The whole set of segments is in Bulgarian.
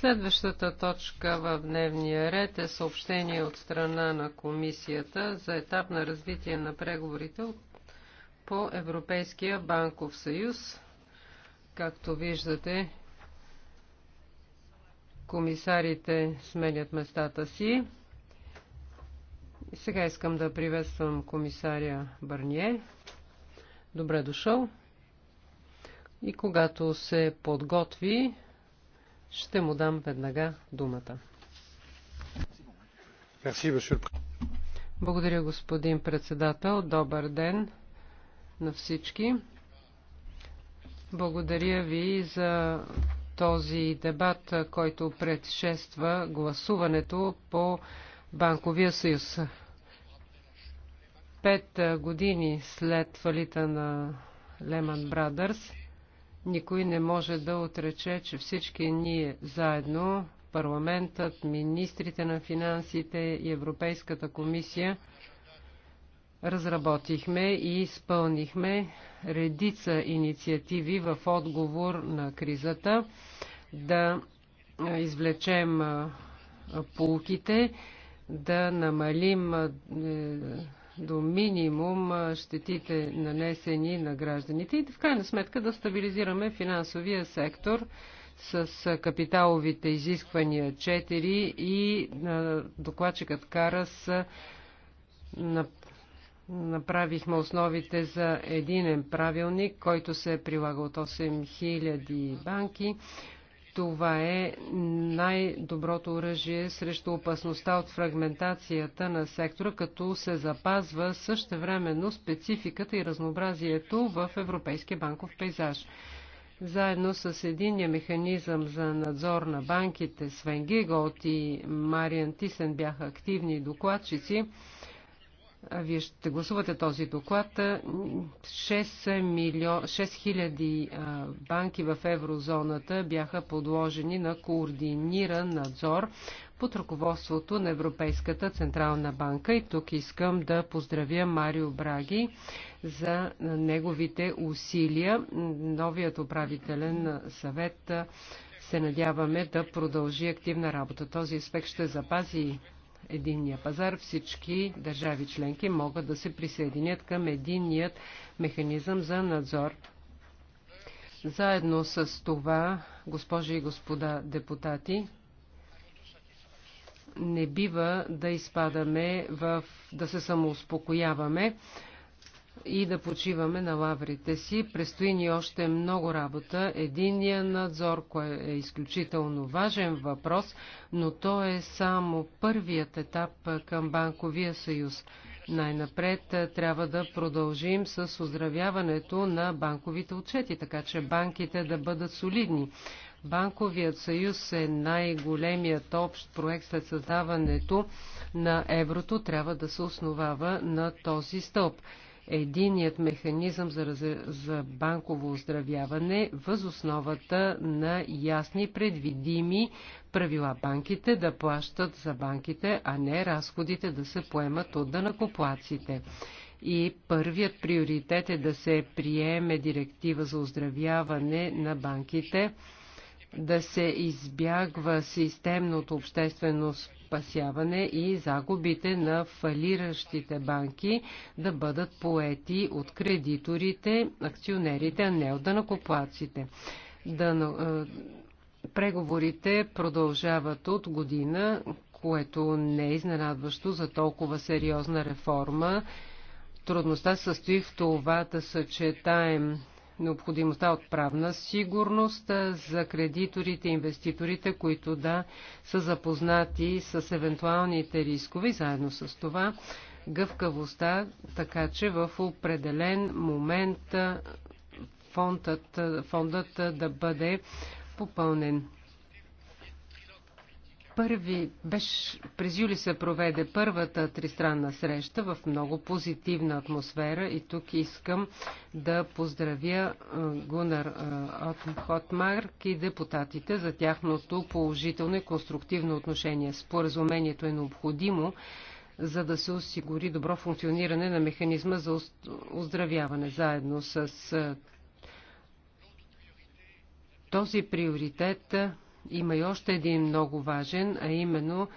Следващата точка в дневния ред е съобщение от страна на комисията за етап на развитие на преговорите по Европейския банков съюз. Както виждате, комисарите сменят местата си. Сега искам да приветствам комисаря Барние. Добре дошъл. И когато се подготви, ще му дам веднага думата. Благодаря, господин председател. Добър ден на всички. Благодаря ви за този дебат, който предшества гласуването по Банковия съюз. Пет години след фалита на Леман Брадърс, никой не може да отрече, че всички ние заедно, парламентът, министрите на финансите и Европейската комисия, разработихме и изпълнихме редица инициативи в отговор на кризата, да извлечем полуките, да намалим е, до минимум щетите нанесени на гражданите и в крайна сметка да стабилизираме финансовия сектор с капиталовите изисквания 4 и докладчикът Карас направихме основите за единен правилник, който се е прилагал от 8000 банки. Това е най-доброто оръжие срещу опасността от фрагментацията на сектора, като се запазва същевременно спецификата и разнообразието в европейския банков пейзаж. Заедно с единия механизъм за надзор на банките, Свен Гигот и Мариан Тисен бяха активни докладчици вие ще гласувате този доклад. 6, милион, 6 хиляди банки в еврозоната бяха подложени на координиран надзор под ръководството на Европейската Централна банка. И тук искам да поздравя Марио Браги за неговите усилия. Новият управителен съвет се надяваме да продължи активна работа. Този аспект ще запази единния пазар, всички държави членки могат да се присъединят към единният механизъм за надзор. Заедно с това, госпожи и господа депутати, не бива да изпадаме в да се самоуспокояваме и да почиваме на лаврите си. Престои ни още много работа. Единия надзор, кое е изключително важен въпрос, но то е само първият етап към Банковия съюз. Най-напред е, трябва да продължим с оздравяването на банковите отчети, така че банките да бъдат солидни. Банковият съюз е най-големият общ проект след създаването на еврото, трябва да се основава на този стълб единият механизъм за, за банково оздравяване въз основата на ясни предвидими правила банките да плащат за банките, а не разходите да се поемат от данакоплаците. И първият приоритет е да се приеме директива за оздравяване на банките, да се избягва системното обществено спасяване и загубите на фалиращите банки да бъдат поети от кредиторите, акционерите, а не от данакоплаците. Да, е, преговорите продължават от година, което не е изненадващо за толкова сериозна реформа. Трудността състои в това да съчетаем необходимостта от правна сигурност за кредиторите и инвеститорите, които да са запознати с евентуалните рискове. Заедно с това гъвкавостта, така че в определен момент фондът, фондът да бъде попълнен. Първи, беше, през юли се проведе първата тристранна среща в много позитивна атмосфера и тук искам да поздравя Гунар Хотмарк и депутатите за тяхното положително и конструктивно отношение. Споразумението е необходимо, за да се осигури добро функциониране на механизма за оздравяване. Заедно с този приоритет има и още един много важен, а именно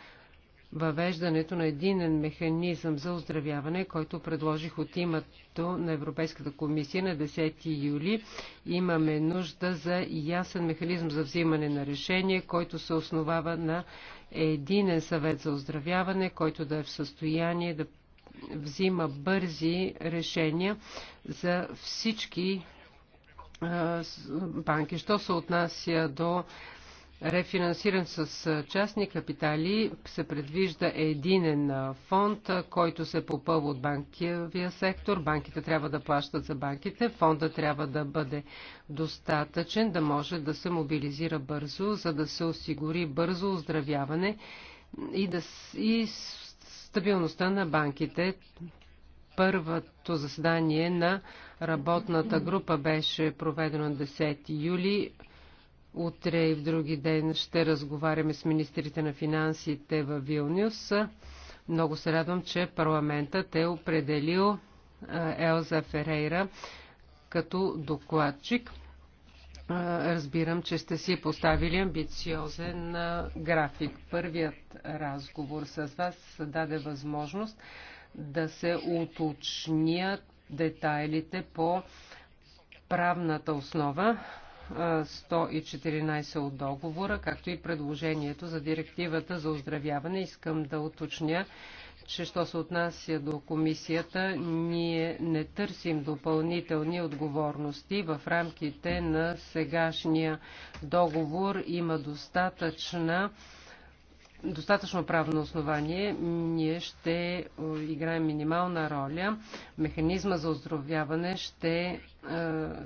въвеждането на единен механизъм за оздравяване, който предложих от името на Европейската комисия на 10 юли. Имаме нужда за ясен механизъм за взимане на решение, който се основава на единен съвет за оздравяване, който да е в състояние да взима бързи решения за всички банки. Що се отнася до рефинансиран с частни капитали, се предвижда единен фонд, който се попълва от банкивия сектор. Банките трябва да плащат за банките. Фонда трябва да бъде достатъчен, да може да се мобилизира бързо, за да се осигури бързо оздравяване и, да, и стабилността на банките. Първото заседание на работната група беше проведено на 10 юли Утре и в други ден ще разговаряме с министрите на финансите в Вилнюс. Много се радвам, че парламентът е определил Елза Ферейра като докладчик. Разбирам, че сте си поставили амбициозен график. Първият разговор с вас даде възможност да се уточнят детайлите по правната основа. 114 от договора, както и предложението за директивата за оздравяване. Искам да уточня, че що се отнася до комисията, ние не търсим допълнителни отговорности. В рамките на сегашния договор има достатъчна достатъчно правно основание, ние ще е, играем минимална роля. Механизма за оздравяване ще е,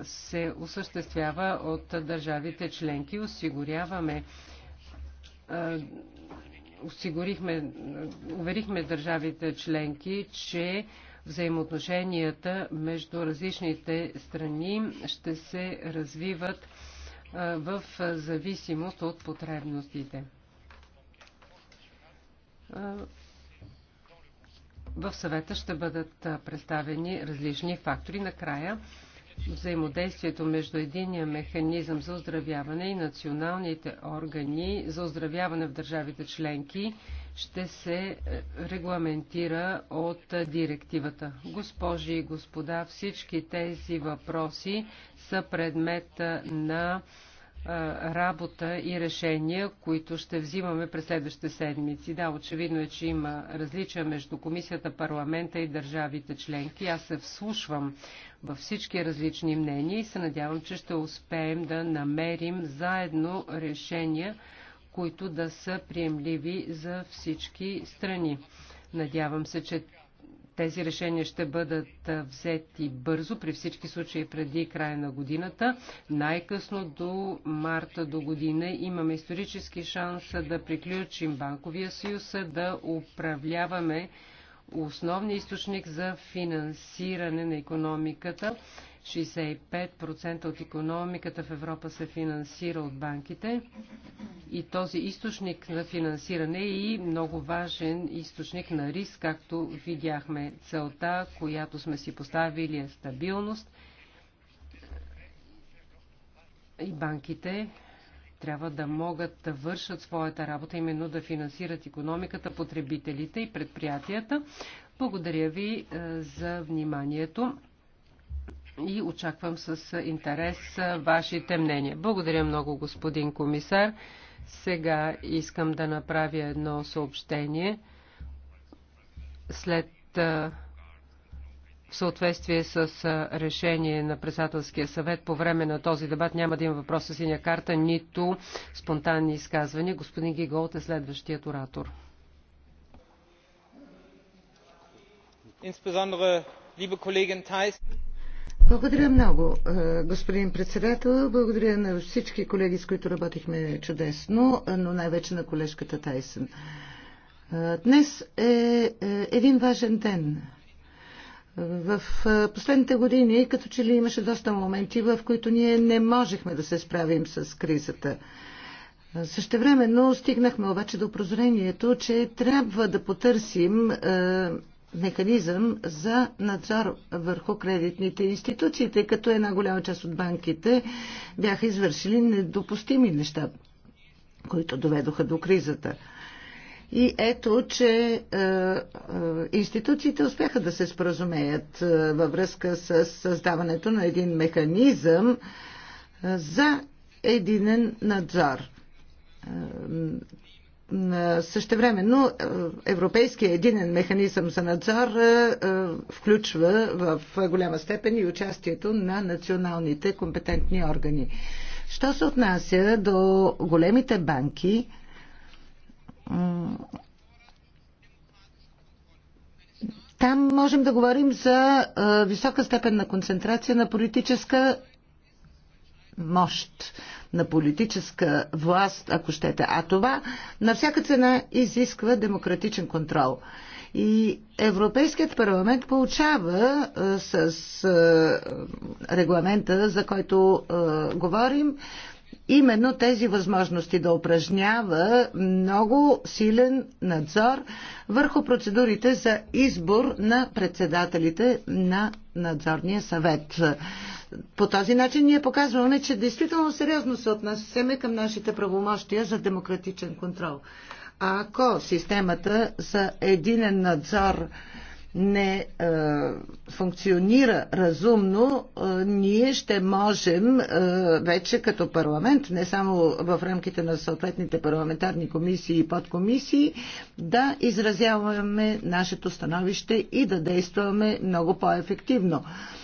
се осъществява от държавите членки. Осигуряваме е, осигурихме, уверихме държавите членки, че взаимоотношенията между различните страни ще се развиват в зависимост от потребностите в съвета ще бъдат представени различни фактори. Накрая взаимодействието между единия механизъм за оздравяване и националните органи за оздравяване в държавите членки ще се е, регламентира от директивата. Госпожи и господа, всички тези въпроси са предмет на работа и решения, които ще взимаме през следващите седмици. Да, очевидно е, че има различия между комисията, парламента и държавите членки. Аз се вслушвам във всички различни мнения и се надявам, че ще успеем да намерим заедно решения, които да са приемливи за всички страни. Надявам се, че тези решения ще бъдат взети бързо, при всички случаи преди края на годината. Най-късно до марта до година имаме исторически шанс да приключим банковия съюз, да управляваме основния източник за финансиране на економиката 65% от економиката в Европа се финансира от банките и този източник на финансиране е и много важен източник на риск, както видяхме. Целта, която сме си поставили е стабилност и банките трябва да могат да вършат своята работа, именно да финансират економиката, потребителите и предприятията. Благодаря ви е, за вниманието и очаквам с интерес вашите мнения. Благодаря много, господин комисар. Сега искам да направя едно съобщение. След в съответствие с решение на председателския съвет по време на този дебат няма да има въпрос с синя карта, нито спонтанни изказвания. Господин Гиголт е следващият оратор. Insbesondere, liebe колеген Тайс, благодаря много, господин председател. Благодаря на всички колеги, с които работихме чудесно, но най-вече на колежката Тайсън. Днес е, е един важен ден. В последните години, като че ли имаше доста моменти, в които ние не можехме да се справим с кризата. Същевременно стигнахме обаче до прозрението, че трябва да потърсим механизъм за надзор върху кредитните институции, тъй като една голяма част от банките бяха извършили недопустими неща, които доведоха до кризата. И ето, че е, е, институциите успяха да се споразумеят е, във връзка с създаването на един механизъм е, за единен надзор. Е, Същевременно е, Европейския единен механизъм за надзор е, е, включва в голяма степен и участието на националните компетентни органи. Що се отнася до големите банки, там можем да говорим за висока степен на концентрация на политическа мощ, на политическа власт, ако щете. А това на всяка цена изисква демократичен контрол. И Европейският парламент получава е, с е, регламента, за който е, говорим, именно тези възможности да упражнява много силен надзор върху процедурите за избор на председателите на надзорния съвет. По този начин ние показваме, че действително сериозно се отнасяме към нашите правомощия за демократичен контрол. А ако системата за единен надзор не е, функционира разумно, е, ние ще можем е, вече като парламент, не само в рамките на съответните парламентарни комисии и подкомисии, да изразяваме нашето становище и да действаме много по-ефективно. Е,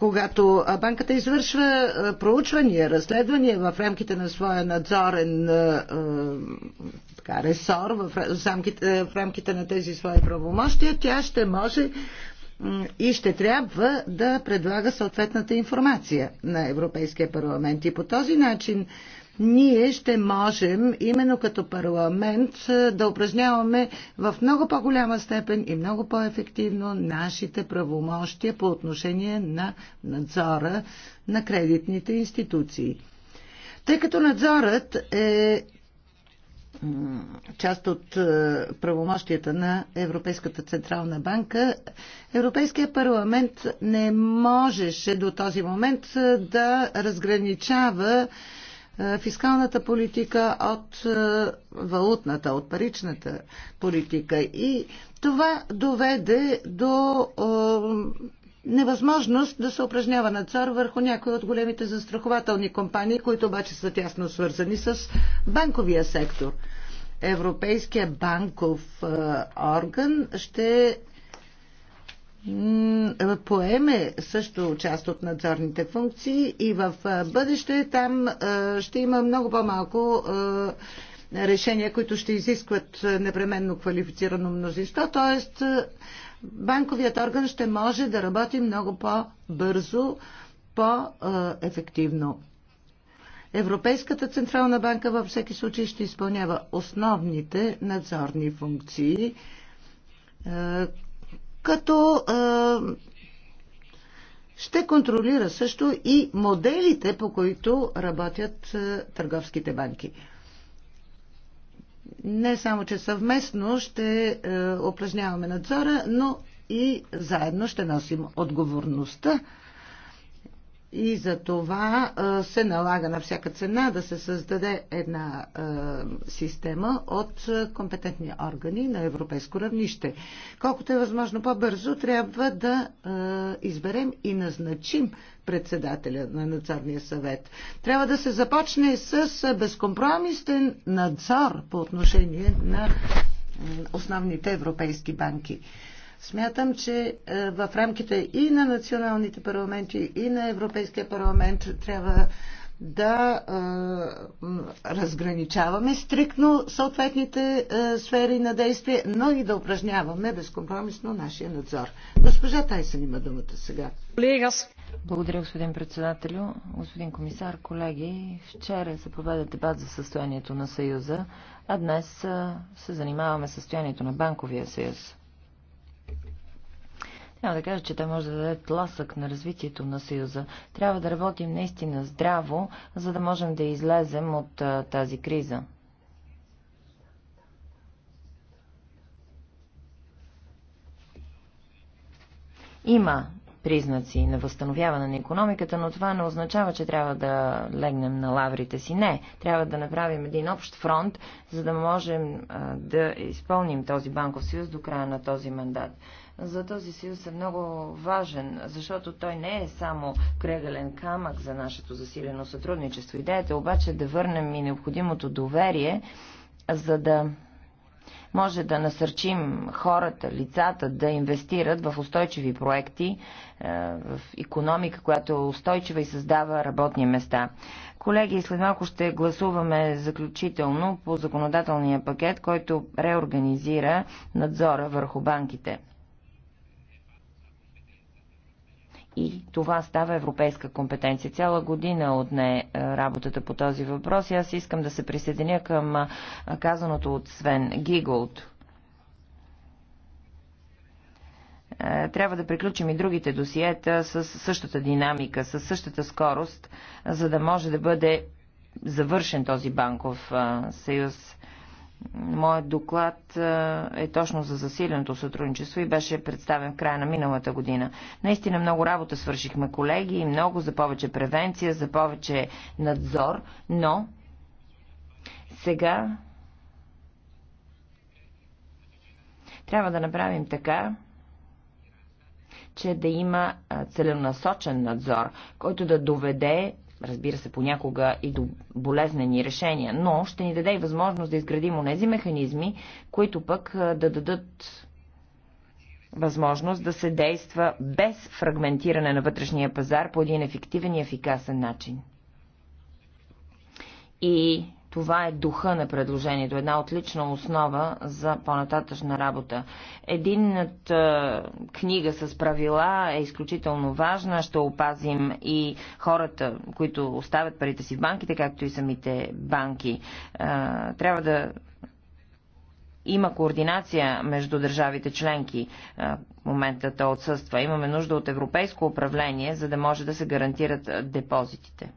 когато банката извършва проучвания, разследвания в рамките на своя надзорен така, ресор, в рамките, в рамките на тези свои правомощия, тя ще може и ще трябва да предлага съответната информация на Европейския парламент. И по този начин ние ще можем, именно като парламент, е, да упражняваме в много по-голяма степен и много по-ефективно нашите правомощия по отношение на надзора на кредитните институции. Тъй като надзорът е част от е, правомощията на Европейската Централна банка, Европейския парламент не можеше до този момент е, да разграничава е, фискалната политика от валутната, от паричната политика. И това доведе до невъзможност да се упражнява надзор върху някои от големите застрахователни компании, които обаче са тясно свързани с банковия сектор. Европейския банков орган ще поеме също част от надзорните функции и в бъдеще там ще има много по-малко решения, които ще изискват непременно квалифицирано мнозинство, т.е банковият орган ще може да работи много по-бързо, по-ефективно. Европейската Централна банка във всеки случай ще изпълнява основните надзорни функции, е, като е, ще контролира също и моделите, по които работят е, търговските банки не само, че съвместно ще е, упражняваме надзора, но и заедно ще носим отговорността и за това се налага на всяка цена да се създаде една система от компетентни органи на европейско равнище. Колкото е възможно по-бързо, трябва да изберем и назначим председателя на надзорния съвет. Трябва да се започне с безкомпромисен надзор по отношение на основните европейски банки. Смятам, че е, в рамките и на националните парламенти, и на Европейския парламент трябва да е, разграничаваме стрикно съответните е, сфери на действие, но и да упражняваме безкомпромисно нашия надзор. Госпожа Тайсън има думата сега. Благодаря, господин председателю. Господин комисар, колеги, вчера се проведе дебат за състоянието на Съюза, а днес е, се занимаваме с състоянието на Банковия съюз. Трябва да кажа, че той може да даде тласък на развитието на Съюза. Трябва да работим наистина здраво, за да можем да излезем от а, тази криза. Има признаци на възстановяване на економиката, но това не означава, че трябва да легнем на лаврите си. Не, трябва да направим един общ фронт, за да можем а, да изпълним този банков съюз до края на този мандат за този съюз е много важен, защото той не е само кръгален камък за нашето засилено сътрудничество. Идеята е обаче да върнем и необходимото доверие, за да може да насърчим хората, лицата да инвестират в устойчиви проекти, е, в економика, която е устойчива и създава работни места. Колеги, след малко ще гласуваме заключително по законодателния пакет, който реорганизира надзора върху банките. и това става европейска компетенция. Цяла година отне е, работата по този въпрос и аз искам да се присъединя към е, казаното от Свен Гиголд. Е, трябва да приключим и другите досиета с същата динамика, с същата скорост, за да може да бъде завършен този банков съюз. Моят доклад е точно за засиленото сътрудничество и беше представен в края на миналата година. Наистина много работа свършихме, колеги, и много за повече превенция, за повече надзор, но сега трябва да направим така, че да има целенасочен надзор, който да доведе разбира се, понякога и до болезнени решения, но ще ни даде и възможност да изградим онези механизми, които пък да дадат възможност да се действа без фрагментиране на вътрешния пазар по един ефективен и ефикасен начин. И това е духа на предложението, една отлична основа за по-нататъчна работа. Единната е, книга с правила е изключително важна. Ще опазим и хората, които оставят парите си в банките, както и самите банки. Е, трябва да има координация между държавите членки. Е, в момента отсъства. Имаме нужда от европейско управление, за да може да се гарантират депозитите.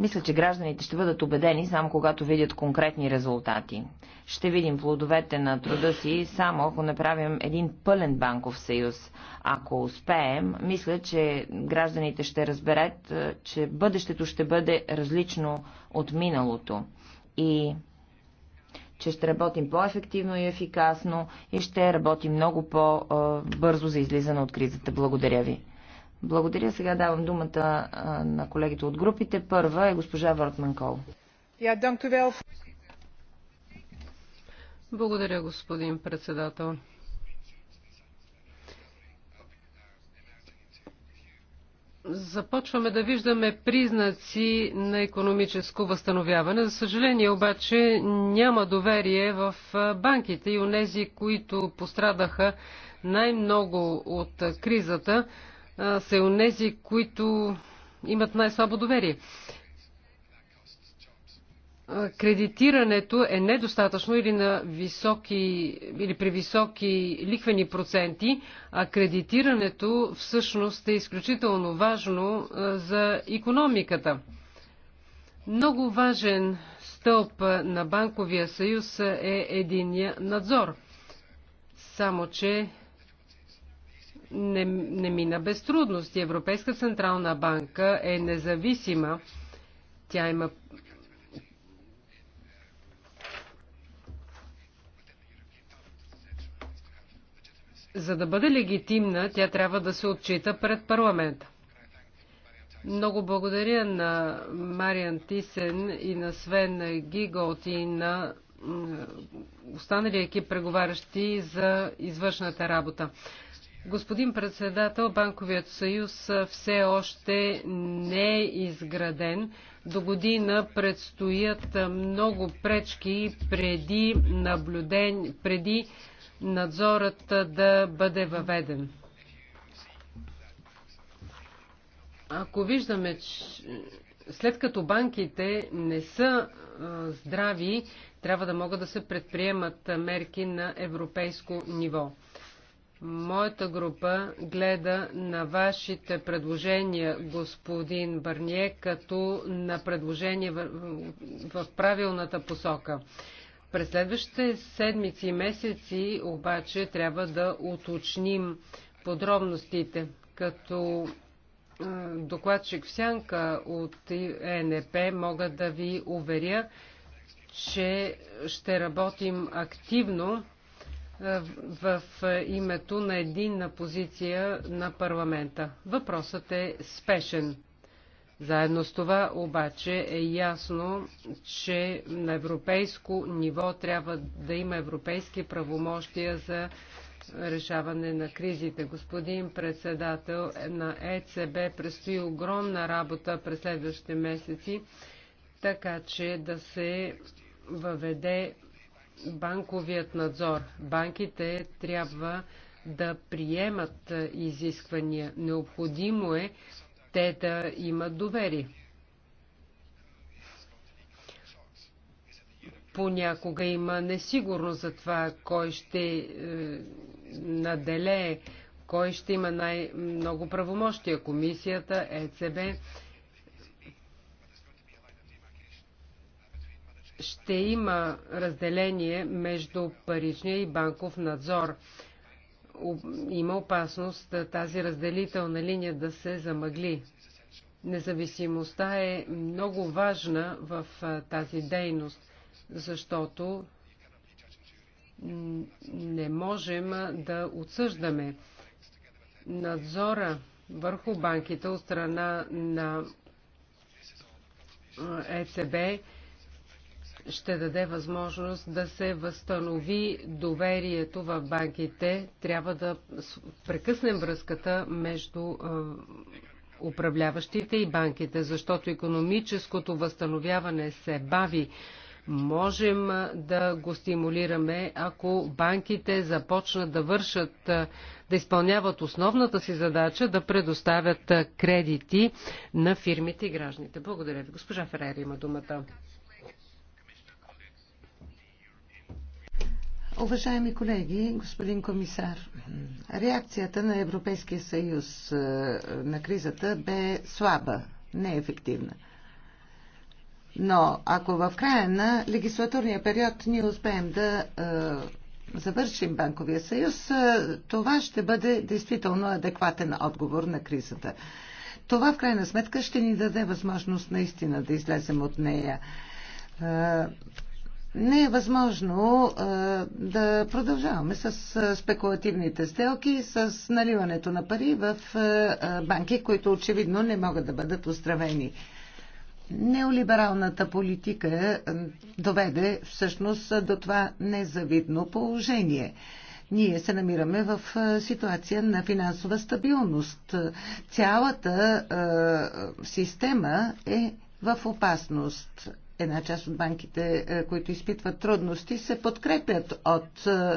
Мисля, че гражданите ще бъдат убедени само когато видят конкретни резултати. Ще видим плодовете на труда си само ако направим един пълен банков съюз. Ако успеем, мисля, че гражданите ще разберат, е, че бъдещето ще бъде различно от миналото. И че ще работим по-ефективно и ефикасно и ще работим много по-бързо е, за излизане от кризата. Благодаря ви. Благодаря. Сега давам думата на колегите от групите. Първа е госпожа Въртман Кол. Благодаря, господин председател. Започваме да виждаме признаци на економическо възстановяване. За съжаление обаче няма доверие в банките и нези, които пострадаха най-много от кризата, са и онези, които имат най-слабо доверие. Кредитирането е недостатъчно или, на високи, или при високи ликвени проценти, а кредитирането всъщност е изключително важно за економиката. Много важен стълб на Банковия съюз е единия надзор. Само, че не, не мина без трудности. Европейска централна банка е независима. Тя има За да бъде легитимна, тя трябва да се отчита пред парламента. Много благодаря на Мариан Тисен и на Свен Гиголт и на останалия екип преговарящи за извършната работа. Господин председател, Банковият съюз все още не е изграден. До година предстоят много пречки преди, наблюден, преди надзорът да бъде въведен. Ако виждаме, че след като банките не са здрави, трябва да могат да се предприемат мерки на европейско ниво. Моята група гледа на вашите предложения, господин Барние, като на предложение в, в правилната посока. През следващите седмици и месеци обаче трябва да уточним подробностите. Като докладчик Всянка сянка от ЕНП мога да ви уверя, че ще работим активно е, в името на единна позиция на парламента. Въпросът е спешен. Заедно с това обаче е ясно, че на европейско ниво трябва да има европейски правомощия за решаване на кризите. Господин председател на ЕЦБ предстои огромна работа през следващите месеци, така че да се въведе банковият надзор. Банките трябва да приемат изисквания. Необходимо е те да имат довери. Понякога има несигурност за това, кой ще е, наделее, кой ще има най-много правомощия. Комисията, ЕЦБ ще има разделение между паричния и банков надзор. Има опасност тази разделителна линия да се замъгли. Независимостта е много важна в тази дейност, защото не можем да отсъждаме надзора върху банките от страна на ЕЦБ ще даде възможност да се възстанови доверието в банките. Трябва да прекъснем връзката между управляващите и банките, защото економическото възстановяване се бави. Можем да го стимулираме, ако банките започнат да вършат, да изпълняват основната си задача, да предоставят кредити на фирмите и гражданите. Благодаря ви. Госпожа Ферери има думата. Уважаеми колеги, господин комисар, реакцията на Европейския съюз е, на кризата бе слаба, неефективна. Но ако в края на легислатурния период ние успеем да е, завършим банковия съюз, е, това ще бъде действително адекватен отговор на кризата. Това в крайна сметка ще ни даде възможност наистина да излезем от нея не е възможно а, да продължаваме с а, спекулативните сделки, с наливането на пари в а, банки, които очевидно не могат да бъдат устравени. Неолибералната политика доведе всъщност до това незавидно положение. Ние се намираме в ситуация на финансова стабилност. Цялата система е в опасност една част от банките, е, които изпитват трудности, се подкрепят от е,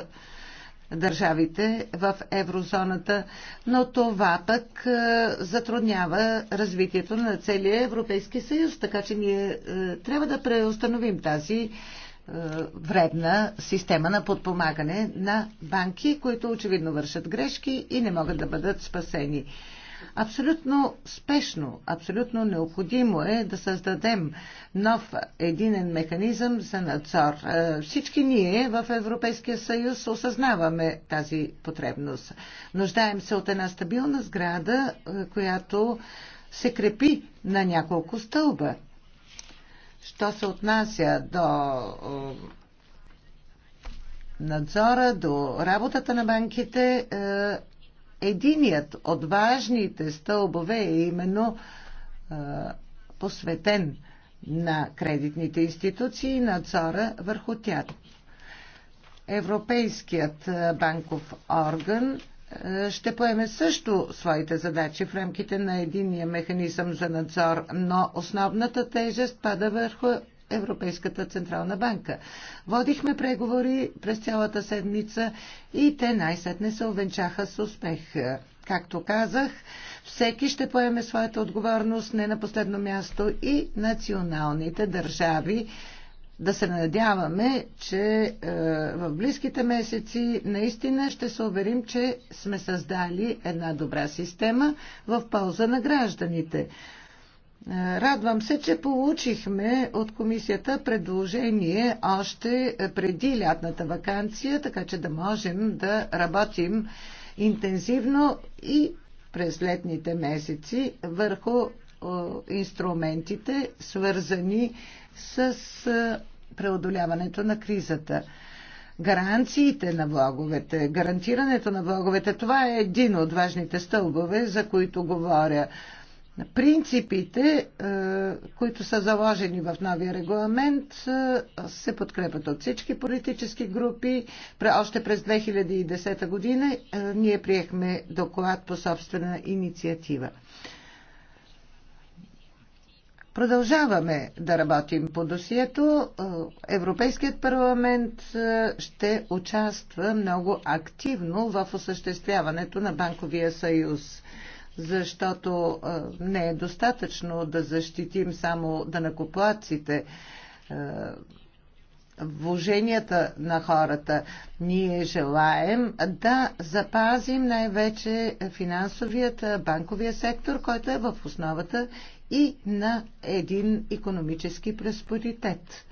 държавите в еврозоната, но това пък е, затруднява развитието на целия Европейски съюз, така че ние трябва да преустановим тази вредна система на подпомагане на банки, които очевидно вършат грешки и не могат да бъдат спасени. Абсолютно спешно, абсолютно необходимо е да създадем нов единен механизъм за надзор. Е, всички ние в Европейския съюз осъзнаваме тази потребност. Нуждаем се от една стабилна сграда, е, която се крепи на няколко стълба. Що се отнася до е, надзора, до работата на банките, единият от важните стълбове е именно посветен на кредитните институции и надзора върху тях. Европейският банков орган ще поеме също своите задачи в рамките на единия механизъм за надзор, но основната тежест пада върху Европейската Централна банка. Водихме преговори през цялата седмица и те най-сетне се увенчаха с успех. Както казах, всеки ще поеме своята отговорност не на последно място и националните държави. Да се надяваме, че е, в близките месеци наистина ще се уверим, че сме създали една добра система в полза на гражданите. Е, радвам се, че получихме от комисията предложение още преди лятната вакансия, така че да можем да работим интензивно и през летните месеци върху е, инструментите, свързани с е, преодоляването на кризата. Гаранциите на влоговете, гарантирането на влоговете, това е един от важните стълбове, за които говоря. Принципите, е, които са заложени в новия регламент, е, се подкрепят от всички политически групи. Още през 2010 година е, ние приехме доклад по собствена инициатива. Продължаваме да работим по досието. Европейският парламент ще участва много активно в осъществяването на Банковия съюз защото не е достатъчно да защитим само данакоплаците, вложенията на хората. Ние желаем да запазим най-вече финансовият банковия сектор, който е в основата и на един економически преспоритет.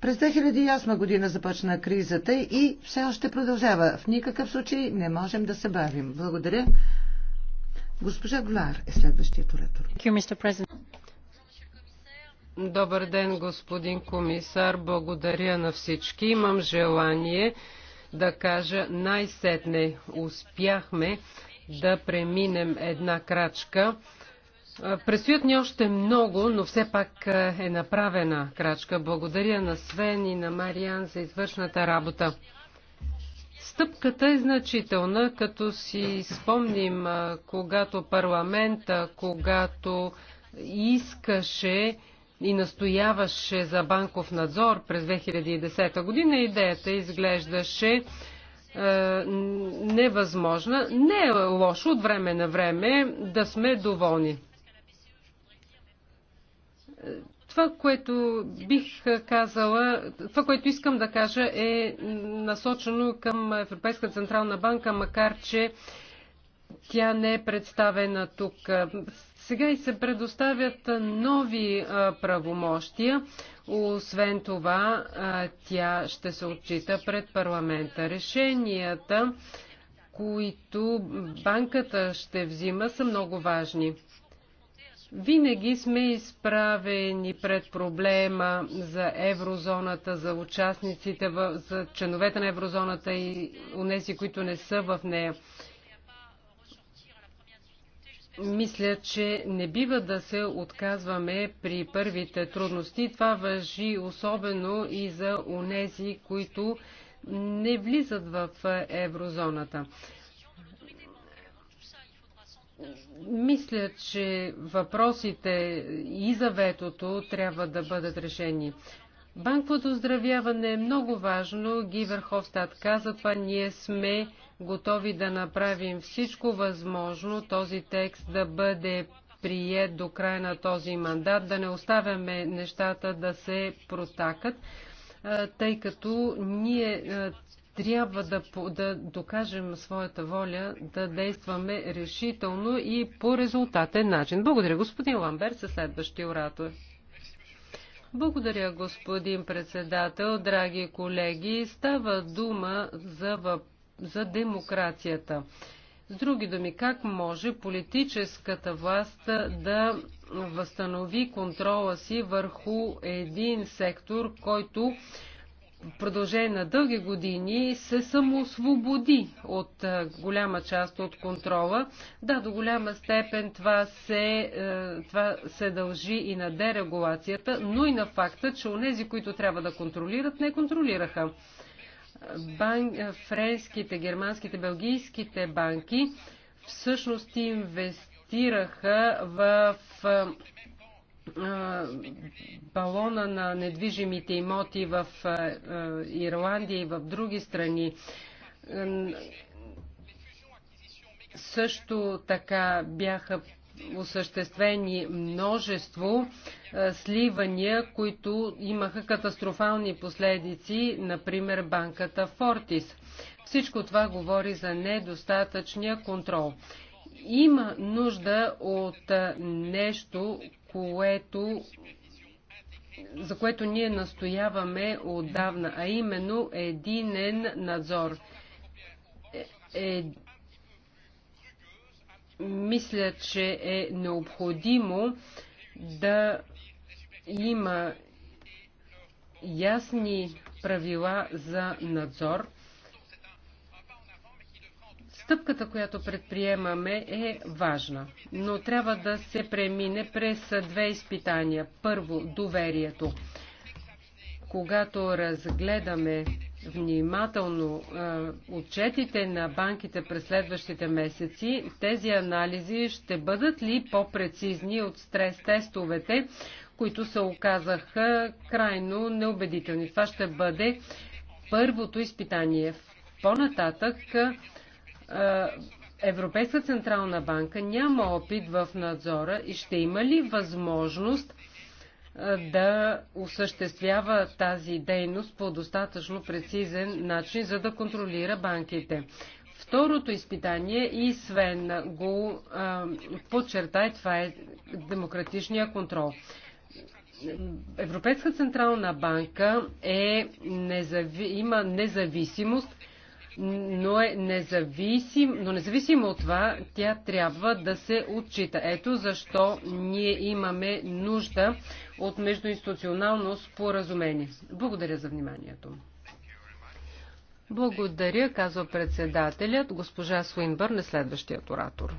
През 2008 година започна кризата и все още продължава. В никакъв случай не можем да се бавим. Благодаря. Госпожа Голар е следващият оратор. Добър ден, господин комисар. Благодаря на всички. Имам желание да кажа най-сетне успяхме да преминем една крачка е, предстоят ни още много, но все пак е, е направена крачка. Благодаря на Свен и на Мариан за извършната работа. Стъпката е значителна, като си спомним, е, когато парламента, когато искаше и настояваше за банков надзор през 2010 година, идеята изглеждаше невъзможна. Не е лошо от време на време да сме доволни. Това, което бих казала, това, което искам да кажа е насочено към Европейска централна банка, макар че тя не е представена тук. Сега и се предоставят нови правомощия. Освен това, тя ще се отчита пред парламента. Решенията, които банката ще взима, са много важни. Винаги сме изправени пред проблема за еврозоната, за участниците, за членовете на еврозоната и унези, които не са в нея. Мисля, че не бива да се отказваме при първите трудности. Това въжи особено и за унези, които не влизат в еврозоната мисля, че въпросите и за ветото трябва да бъдат решени. Банковото оздравяване е много важно. Ги Верховстат каза това. Ние сме готови да направим всичко възможно този текст да бъде прият до края на този мандат, да не оставяме нещата да се протакат, тъй като ние трябва да, да докажем своята воля да действаме решително и по резултатен начин. Благодаря, господин Ламбер, със следващия оратор. Благодаря, господин председател, драги колеги. Става дума за, въп... за демокрацията. С други думи, как може политическата власт да възстанови контрола си върху един сектор, който продължение на дълги години се самоосвободи от е, голяма част от контрола. Да, до голяма степен това се, е, това се дължи и на дерегулацията, но и на факта, че онези, които трябва да контролират, не контролираха. Бан... Е, френските, германските, белгийските банки всъщност инвестираха в балона на недвижимите имоти в Ирландия и в други страни. Също така бяха осъществени множество сливания, които имаха катастрофални последици, например банката Фортис. Всичко това говори за недостатъчния контрол. Има нужда от нещо, което, за което ние настояваме отдавна, а именно единен надзор. Е, е мисля, че е необходимо да има ясни правила за надзор Стъпката, която предприемаме е важна, но трябва да се премине през две изпитания. Първо, доверието. Когато разгледаме внимателно е, отчетите на банките през следващите месеци, тези анализи ще бъдат ли по-прецизни от стрес-тестовете, които се оказаха крайно неубедителни. Това ще бъде първото изпитание. По-нататък е, Европейска централна банка няма опит в надзора и ще има ли възможност е, да осъществява тази дейност по достатъчно прецизен начин, за да контролира банките. Второто изпитание и Свен го е, а, това е демократичния контрол. Европейска централна банка е незави... има независимост но е независим, но независимо от това, тя трябва да се отчита. Ето защо ние имаме нужда от междуинституционално споразумение. Благодаря за вниманието. Благодаря, казва председателят. Госпожа Суинбърн на следващият оратор.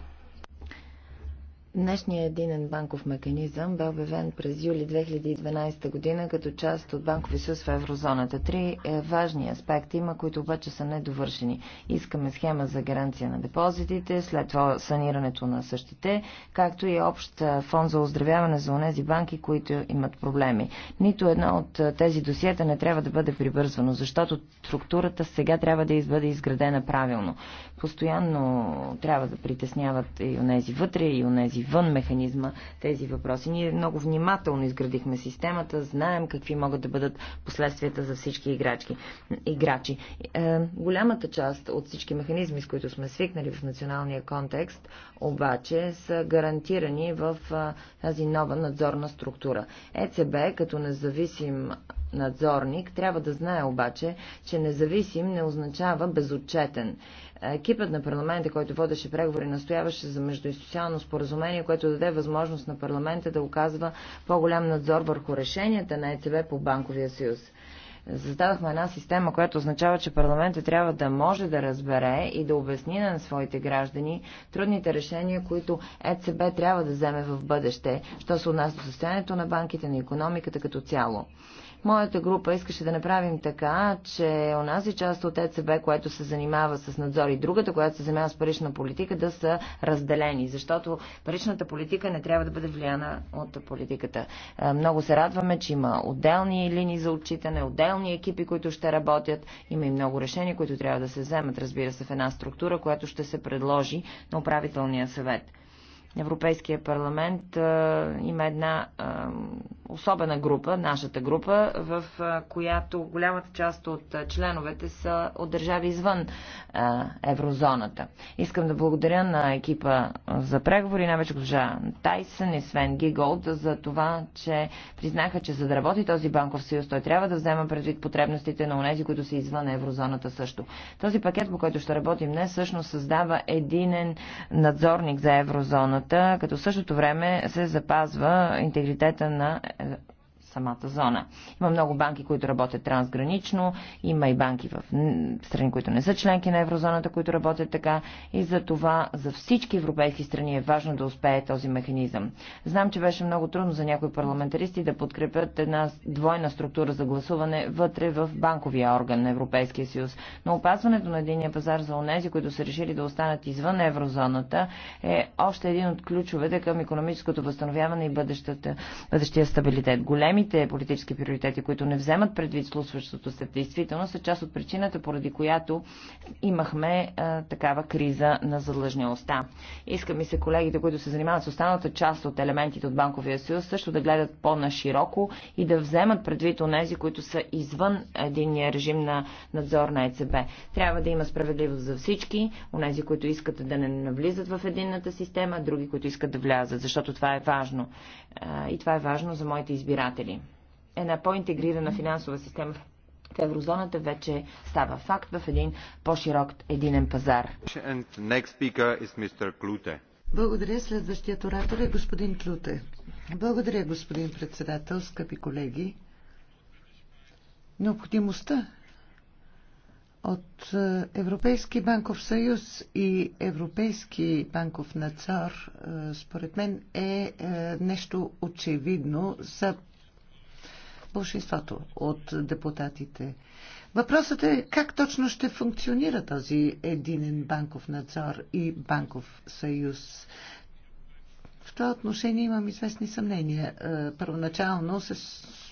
Днешният единен банков механизъм бе обявен през юли 2012 година като част от банкови съюз в еврозоната. Три е, важни аспекти има, които обаче са недовършени. Искаме схема за гаранция на депозитите, след това санирането на същите, както и общ е, фонд за оздравяване за онези банки, които имат проблеми. Нито едно от е, тези досиета не трябва да бъде прибързвано, защото структурата сега трябва да бъде изградена правилно. Постоянно трябва да притесняват и онези вътре, и онези тези вън механизма, тези въпроси. Ние много внимателно изградихме системата, знаем какви могат да бъдат последствията за всички играчки, играчи. Е, голямата част от всички механизми, с които сме свикнали в националния контекст, обаче са гарантирани в е, тази нова надзорна структура. ЕЦБ, като независим надзорник, трябва да знае обаче, че независим не означава безотчетен. Екипът на парламента, който водеше преговори, настояваше за междуинституционално споразумение, което даде възможност на парламента да оказва по-голям надзор върху решенията на ЕЦБ по банковия съюз. Създадахме една система, която означава, че парламентът трябва да може да разбере и да обясни на своите граждани трудните решения, които ЕЦБ трябва да вземе в бъдеще, що се отнася до състоянието на банките, на економиката като цяло. Моята група искаше да направим така, че онази част от ЕЦБ, което се занимава с надзор и другата, която се занимава с парична политика, да са разделени, защото паричната политика не трябва да бъде влияна от политиката. Е, много се радваме, че има отделни линии за отчитане, отделни екипи, които ще работят. Има и много решения, които трябва да се вземат, разбира се, в една структура, която ще се предложи на управителния съвет. Европейския парламент а, има една а, особена група, нашата група, в а, която голямата част от а, членовете са от държави извън а, еврозоната. Искам да благодаря на екипа за преговори, най-вече госпожа Тайсън и Свен Гиголд, за това, че признаха, че за да работи този банков съюз, той трябва да взема предвид потребностите на унези, които са извън еврозоната също. Този пакет, по който ще работим днес, всъщност създава единен надзорник за еврозона еврозоната, като в същото време се запазва интегритета на самата зона. Има много банки, които работят трансгранично, има и банки в страни, които не са членки на еврозоната, които работят така и за това за всички европейски страни е важно да успее този механизъм. Знам, че беше много трудно за някои парламентаристи да подкрепят една двойна структура за гласуване вътре в банковия орган на Европейския съюз, но опазването на единия пазар за онези, които са решили да останат извън еврозоната, е още един от ключовете към економическото възстановяване и бъдещата, бъдещия стабилитет. Големи големите политически приоритети, които не вземат предвид случващото се в действителност, са част от причината, поради която имахме а, такава криза на задлъжнялостта. Искам и се колегите, които се занимават с останалата част от елементите от Банковия съюз, също да гледат по-нашироко и да вземат предвид онези, които са извън единния режим на надзор на ЕЦБ. Трябва да има справедливост за всички, онези, които искат да не навлизат в единната система, други, които искат да влязат, защото това е важно. И това е важно за моите избиратели една по-интегрирана финансова система в еврозоната вече става факт в един по-широк единен пазар. Благодаря. Следващият оратор е господин Клюте. Благодаря, господин председател, скъпи колеги. Необходимостта от е, Европейски банков съюз и Европейски банков надзор, е, според мен, е, е нещо очевидно за большинството от депутатите. Въпросът е как точно ще функционира този единен банков надзор и банков съюз. В това отношение имам известни съмнения. Е, първоначално се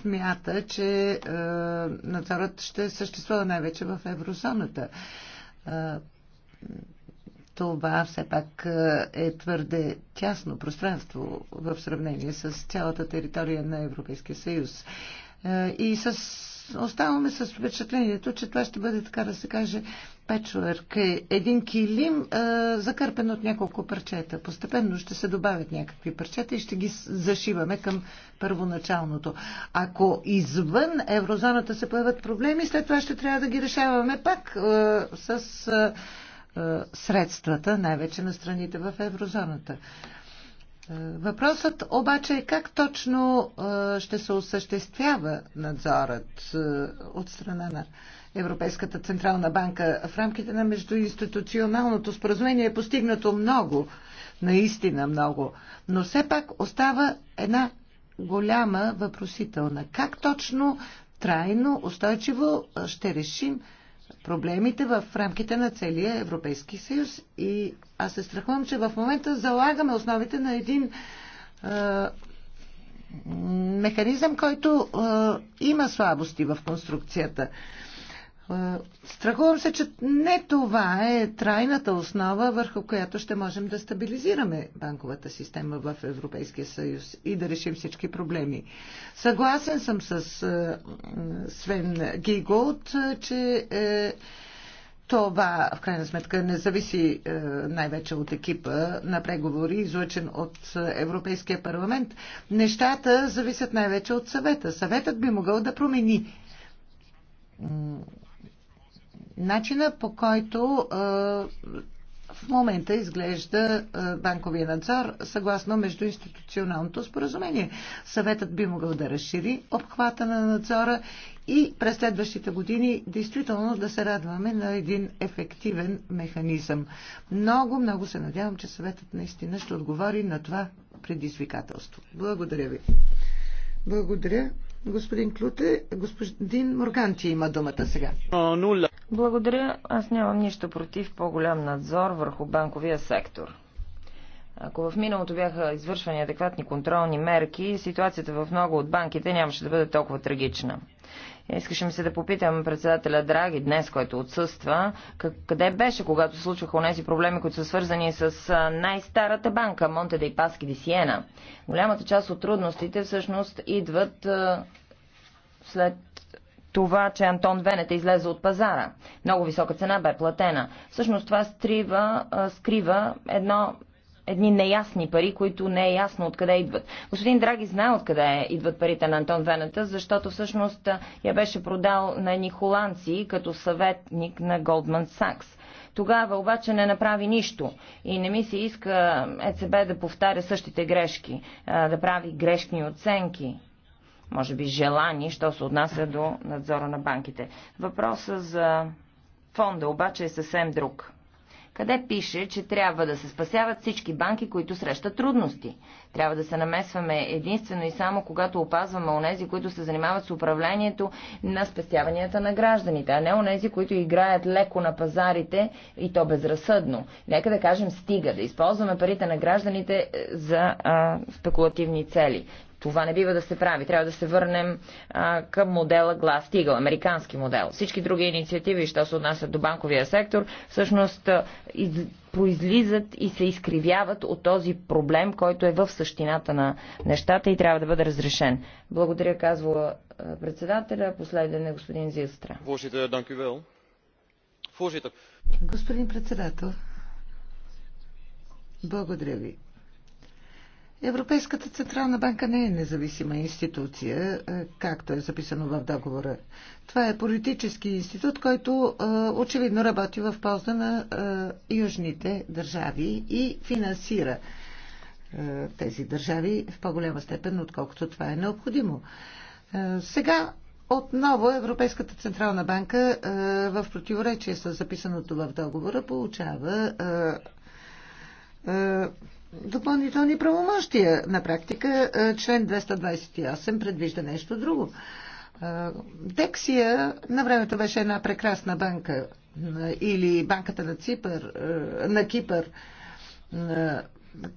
смята, че е, надзорът ще съществува най-вече в еврозоната. Е, това все пак е твърде тясно пространство в сравнение с цялата територия на Европейския съюз. Е, и с, оставаме с впечатлението, че това ще бъде, така да се каже, печуърк. Е, един килим, е, закърпен от няколко парчета. Постепенно ще се добавят някакви парчета и ще ги зашиваме към първоначалното. Ако извън еврозоната се появят проблеми, след това ще трябва да ги решаваме пак с средствата, най-вече на страните в еврозоната. Е, въпросът обаче е как точно е, ще се осъществява надзорът е, от страна на Европейската Централна банка. В рамките на междуинституционалното споразумение е постигнато много, наистина много, но все пак остава една голяма въпросителна. Как точно трайно, устойчиво ще решим проблемите в рамките на целия Европейски съюз. И аз се страхувам, че в момента залагаме основите на един е, механизъм, който е, има слабости в конструкцията. Е, страхувам се, че не това е трайната основа, върху която ще можем да стабилизираме банковата система в Европейския съюз и да решим всички проблеми. Съгласен съм с е, Свен Гиголт, е, че е, това в крайна сметка не зависи е, най-вече от екипа на преговори, излъчен от Европейския парламент. Нещата зависят най-вече от съвета. Съветът би могъл да промени начина по който в момента изглежда банковия надзор съгласно междуинституционалното споразумение. Съветът би могъл да разшири обхвата на надзора и през следващите години действително да се радваме на един ефективен механизъм. Много, много се надявам, че съветът наистина ще отговори на това предизвикателство. Благодаря ви. Благодаря. Господин Клюте, господин Морганти има думата сега. Благодаря. Аз нямам нищо против по-голям надзор върху банковия сектор. Ако в миналото бяха извършвани адекватни контролни мерки, ситуацията в много от банките нямаше да бъде толкова трагична. Искаше ми се да попитам председателя Драги днес, който отсъства, къде беше, когато случваха онези проблеми, които са свързани с най-старата банка, Монте и Паски ди Сиена. Голямата част от трудностите всъщност идват след това, че Антон Венета излезе от пазара. Много висока цена бе платена. Всъщност това стрива, скрива едно едни неясни пари, които не е ясно откъде идват. Господин Драги знае откъде идват парите на Антон Вената, защото всъщност я беше продал на едни холандци като съветник на Голдман Сакс. Тогава обаче не направи нищо и не ми се иска ЕЦБ да повтаря същите грешки, да прави грешни оценки може би желани, що се отнася до надзора на банките. Въпросът за фонда обаче е съвсем друг къде пише, че трябва да се спасяват всички банки, които срещат трудности. Трябва да се намесваме единствено и само когато опазваме онези, които се занимават с управлението на спестяванията на гражданите, а не онези, които играят леко на пазарите и то безразсъдно. Нека да кажем стига, да използваме парите на гражданите е, за а, спекулативни цели. Това не бива да се прави. Трябва да се върнем а, към модела глас Тигъл, американски модел. Всички други инициативи, що се отнасят до банковия сектор, всъщност из, произлизат и се изкривяват от този проблем, който е в същината на нещата и трябва да бъде разрешен. Благодаря, казва председателя. Последен е господин Зилстра. Господин председател, благодаря ви. Европейската централна банка не е независима институция, е, както е записано в договора. Това е политически институт, който е, очевидно работи в полза на е, южните държави и финансира тези държави в по-голяма степен, отколкото това е необходимо. Сега отново Европейската Централна банка в противоречие с записаното в договора получава допълнителни правомощия. На практика е, член 228 предвижда нещо друго. Е, Дексия на времето беше една прекрасна банка е, или банката на, Ципър, на Кипър.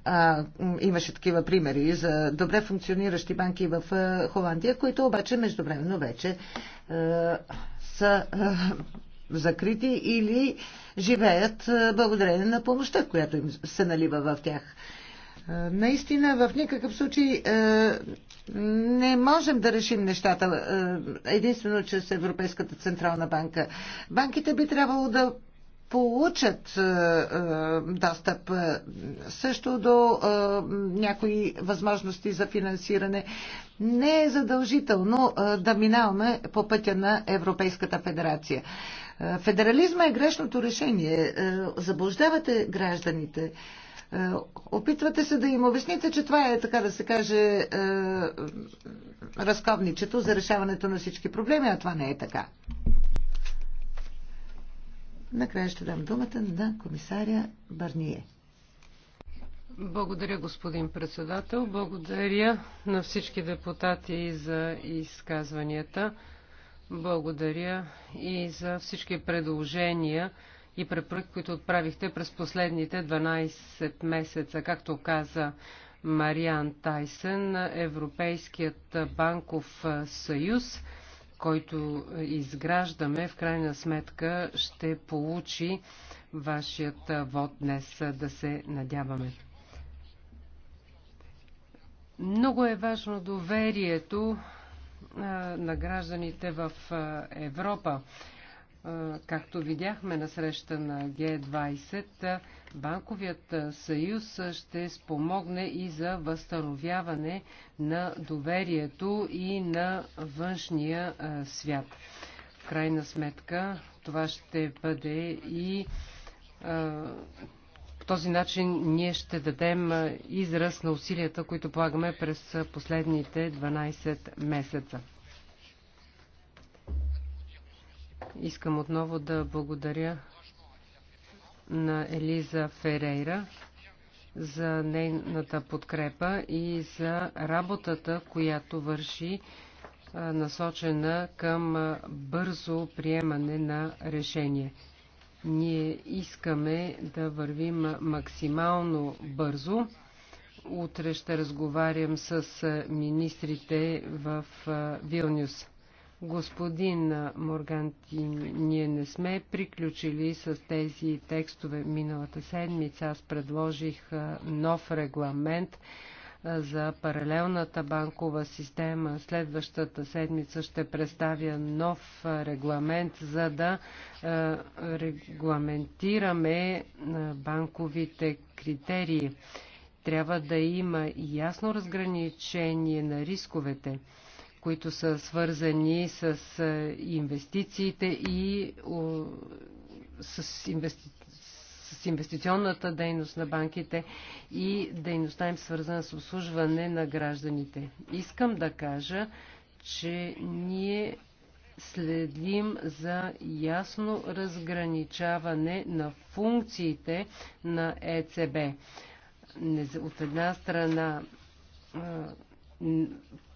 А, имаше такива примери за добре функциониращи банки в Холандия, които обаче междувременно вече са закрити или живеят благодарение на помощта, която им се налива в тях. Наистина, в никакъв случай не можем да решим нещата единствено чрез Европейската Централна банка. Банките би трябвало да получат достъп също до някои възможности за финансиране. Не е задължително да минаваме по пътя на Европейската федерация. Федерализма е грешното решение. Е, заблуждавате гражданите. Е, опитвате се да им обясните, че това е, така да се каже, е, разковничето за решаването на всички проблеми, а това не е така. Накрая ще дам думата на комисаря Барние. Благодаря, господин председател. Благодаря на всички депутати за изказванията. Благодаря и за всички предложения и препоръки, които отправихте през последните 12 месеца. Както каза Мариан Тайсен, Европейският банков съюз, който изграждаме, в крайна сметка ще получи вашият вод днес, да се надяваме. Много е важно доверието на гражданите в Европа. Както видяхме на среща на Г20, Банковият съюз ще спомогне и за възстановяване на доверието и на външния свят. В крайна сметка това ще бъде и този начин ние ще дадем израз на усилията, които полагаме през последните 12 месеца. Искам отново да благодаря на Елиза Ферейра за нейната подкрепа и за работата, която върши насочена към бързо приемане на решение. Ние искаме да вървим максимално бързо. Утре ще разговарям с министрите в Вилнюс. Господин Морганти, ние не сме приключили с тези текстове миналата седмица. Аз предложих нов регламент за паралелната банкова система. Следващата седмица ще представя нов регламент, за да е, регламентираме е, банковите критерии. Трябва да има ясно разграничение на рисковете които са свързани с е, инвестициите и с инвестициите с инвестиционната дейност на банките и дейността им свързана с обслужване на гражданите. Искам да кажа, че ние следим за ясно разграничаване на функциите на ЕЦБ. От една страна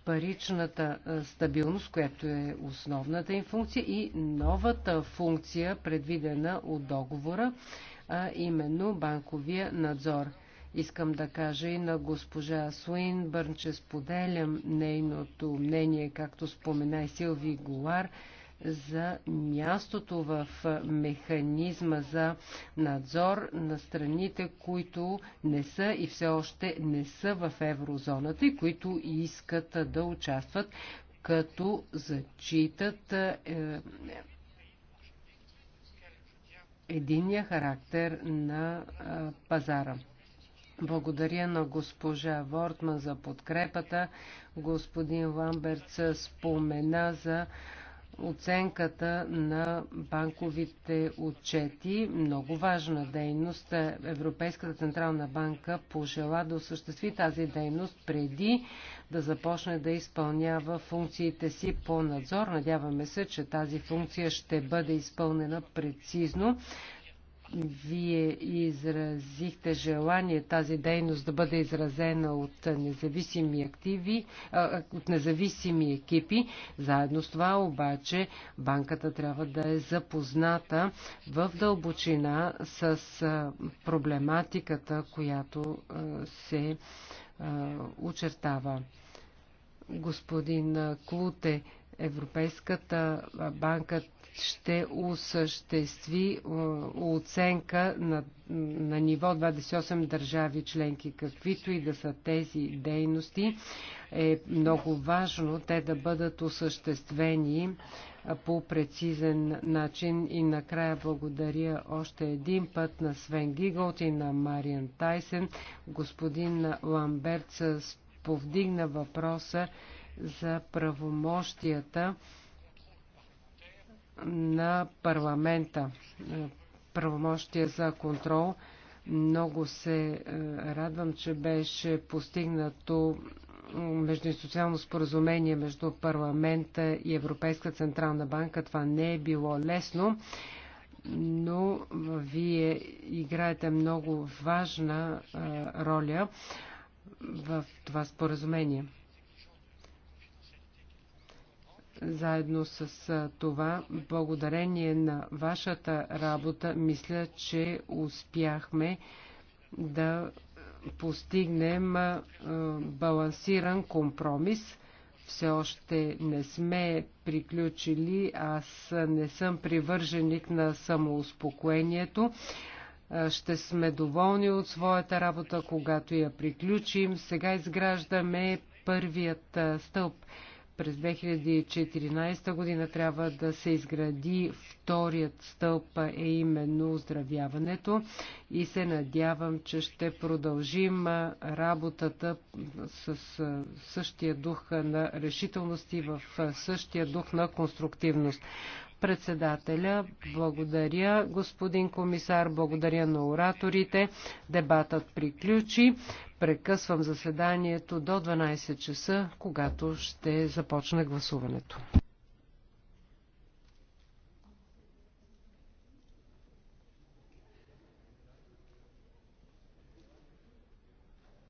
паричната стабилност, която е основната им функция и новата функция, предвидена от договора, а именно банковия надзор. Искам да кажа и на госпожа Суинбърн, че споделям нейното мнение, както спомена и Силви Голар, за мястото в механизма за надзор на страните, които не са и все още не са в еврозоната и които искат да участват, като зачитат е, единния характер на пазара. Благодаря на госпожа Вортман за подкрепата. Господин Ламберт спомена за оценката на банковите отчети. Много важна дейност. Европейската Централна банка пожела да осъществи тази дейност преди да започне да изпълнява функциите си по надзор. Надяваме се, че тази функция ще бъде изпълнена прецизно вие изразихте желание тази дейност да бъде изразена от независими активи, от независими екипи. Заедно с това обаче банката трябва да е запозната в дълбочина с проблематиката, която се очертава. Господин Клуте, Европейската банка ще осъществи е, оценка на, на ниво 28 държави членки. Каквито и да са тези дейности, е много важно те да бъдат осъществени е, по прецизен начин. И накрая благодаря още един път на Свен Гиголт и на Мариан Тайсен. Господин Ламберт повдигна въпроса за правомощията на парламента правомощия за контрол. Много се е, радвам, че беше постигнато междуинституционално споразумение между парламента и Европейска централна банка. Това не е било лесно, но вие играете много важна е, роля в това споразумение. Заедно с това, благодарение на вашата работа, мисля, че успяхме да постигнем балансиран компромис. Все още не сме приключили. Аз не съм привърженик на самоуспокоението. Ще сме доволни от своята работа, когато я приключим. Сега изграждаме първият стълб. През 2014 година трябва да се изгради вторият стълб, е именно оздравяването и се надявам, че ще продължим работата с същия дух на решителност и в същия дух на конструктивност председателя. Благодаря, господин комисар, благодаря на ораторите. Дебатът приключи. Прекъсвам заседанието до 12 часа, когато ще започне гласуването.